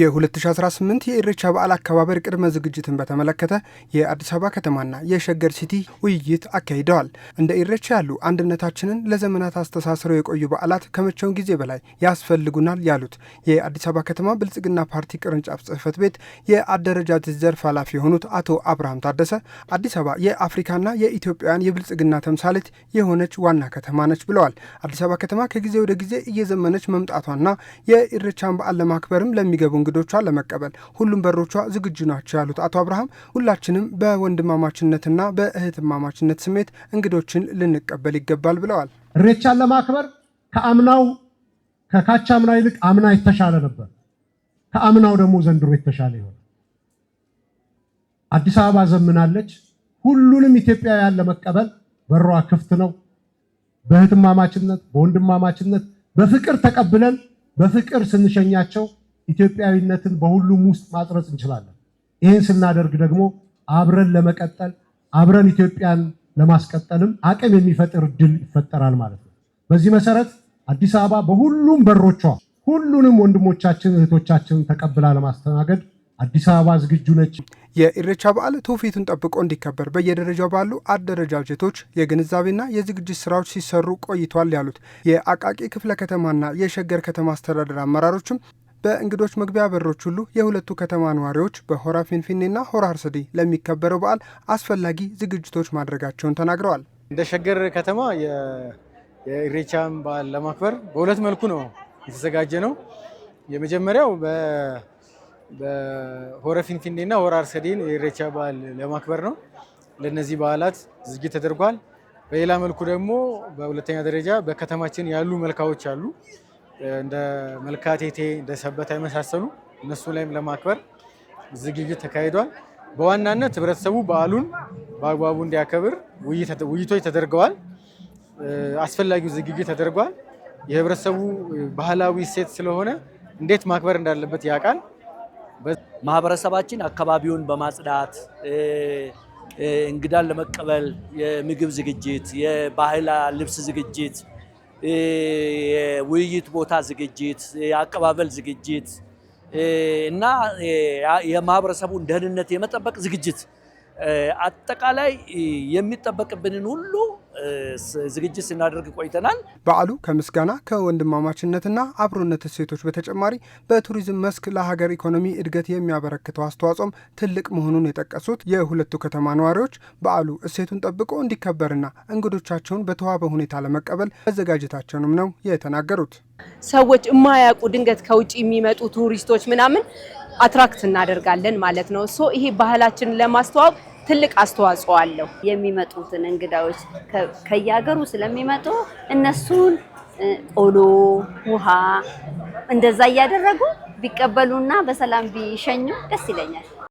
የ2018 የኢሬቻ በዓል አከባበር ቅድመ ዝግጅትን በተመለከተ የአዲስ አበባ ከተማና የሸገር ሲቲ ውይይት አካሂደዋል። እንደ ኢሬቻ ያሉ አንድነታችንን ለዘመናት አስተሳስረው የቆዩ በዓላት ከመቼውም ጊዜ በላይ ያስፈልጉናል ያሉት የአዲስ አበባ ከተማ ብልጽግና ፓርቲ ቅርንጫፍ ጽህፈት ቤት የአደረጃጀት ዘርፍ ኃላፊ የሆኑት አቶ አብርሃም ታደሰ አዲስ አበባ የአፍሪካና የኢትዮጵያውያን የብልጽግና ተምሳሌት የሆነች ዋና ከተማ ነች ብለዋል። አዲስ አበባ ከተማ ከጊዜ ወደ ጊዜ እየዘመነች መምጣቷና የኢሬቻን በዓል ለማክበርም ለሚገ የተመዘገቡ እንግዶቿን ለመቀበል ሁሉም በሮቿ ዝግጁ ናቸው ያሉት አቶ አብርሃም ሁላችንም በወንድማማችነትና በእህትማማችነት ስሜት እንግዶችን ልንቀበል ይገባል ብለዋል። እሬቻን ለማክበር ከአምናው ከካቻ አምና ይልቅ አምና የተሻለ ነበር። ከአምናው ደግሞ ዘንድሮ የተሻለ ይሆናል። አዲስ አበባ ዘምናለች። ሁሉንም ኢትዮጵያውያን ለመቀበል በሯ ክፍት ነው። በእህትማማችነት፣ በወንድማማችነት፣ በፍቅር ተቀብለን በፍቅር ስንሸኛቸው ኢትዮጵያዊነትን በሁሉም ውስጥ ማጥረጽ እንችላለን። ይህን ስናደርግ ደግሞ አብረን ለመቀጠል አብረን ኢትዮጵያን ለማስቀጠልም አቅም የሚፈጥር እድል ይፈጠራል ማለት ነው። በዚህ መሰረት አዲስ አበባ በሁሉም በሮቿ ሁሉንም ወንድሞቻችን እህቶቻችን ተቀብላ ለማስተናገድ አዲስ አበባ ዝግጁ ነች። የኢሬቻ በዓል ትውፊቱን ጠብቆ እንዲከበር በየደረጃው ባሉ አደረጃጀቶች የግንዛቤና የዝግጅት ስራዎች ሲሰሩ ቆይቷል ያሉት የአቃቂ ክፍለ ከተማና የሸገር ከተማ አስተዳደር አመራሮችም በእንግዶች መግቢያ በሮች ሁሉ የሁለቱ ከተማ ነዋሪዎች በሆራ ፊንፊኔና ሆራ አርሰዲ ለሚከበረው በዓል አስፈላጊ ዝግጅቶች ማድረጋቸውን ተናግረዋል። እንደ ሸገር ከተማ የኢሬቻን በዓል ለማክበር በሁለት መልኩ ነው የተዘጋጀ ነው። የመጀመሪያው በሆረ ፊንፊኔና ሆራ አርሰዴን የኢሬቻ በዓል ለማክበር ነው። ለነዚህ በዓላት ዝግጅት ተደርጓል። በሌላ መልኩ ደግሞ በሁለተኛ ደረጃ በከተማችን ያሉ መልካዎች አሉ እንደ መልካቴቴ እንደ ሰበታ የመሳሰሉ እነሱ ላይም ለማክበር ዝግጅት ተካሂዷል። በዋናነት ህብረተሰቡ በዓሉን በአግባቡ እንዲያከብር ውይይቶች ተደርገዋል። አስፈላጊው ዝግጅት ተደርጓል። የህብረተሰቡ ባህላዊ እሴት ስለሆነ እንዴት ማክበር እንዳለበት ያውቃል። ማህበረሰባችን አካባቢውን በማጽዳት እንግዳን ለመቀበል የምግብ ዝግጅት፣ የባህል ልብስ ዝግጅት የውይይት ቦታ ዝግጅት፣ የአቀባበል ዝግጅት እና የማህበረሰቡን ደህንነት የመጠበቅ ዝግጅት አጠቃላይ የሚጠበቅብንን ሁሉ ዝግጅት ስናደርግ ቆይተናል። በዓሉ ከምስጋና ከወንድማማችነትና አብሮነት እሴቶች በተጨማሪ በቱሪዝም መስክ ለሀገር ኢኮኖሚ እድገት የሚያበረክተው አስተዋጽኦም ትልቅ መሆኑን የጠቀሱት የሁለቱ ከተማ ነዋሪዎች በዓሉ እሴቱን ጠብቆ እንዲከበርና እንግዶቻቸውን በተዋበ ሁኔታ ለመቀበል መዘጋጀታቸውንም ነው የተናገሩት። ሰዎች የማያውቁ ድንገት ከውጭ የሚመጡ ቱሪስቶች ምናምን አትራክት እናደርጋለን ማለት ነው። ሶ ይሄ ባህላችንን ለማስተዋወቅ ትልቅ አስተዋጽኦ አለው። የሚመጡትን እንግዳዎች ከየሀገሩ ስለሚመጡ እነሱን ቆሎ፣ ውሃ እንደዛ እያደረጉ ቢቀበሉና በሰላም ቢሸኙ ደስ ይለኛል።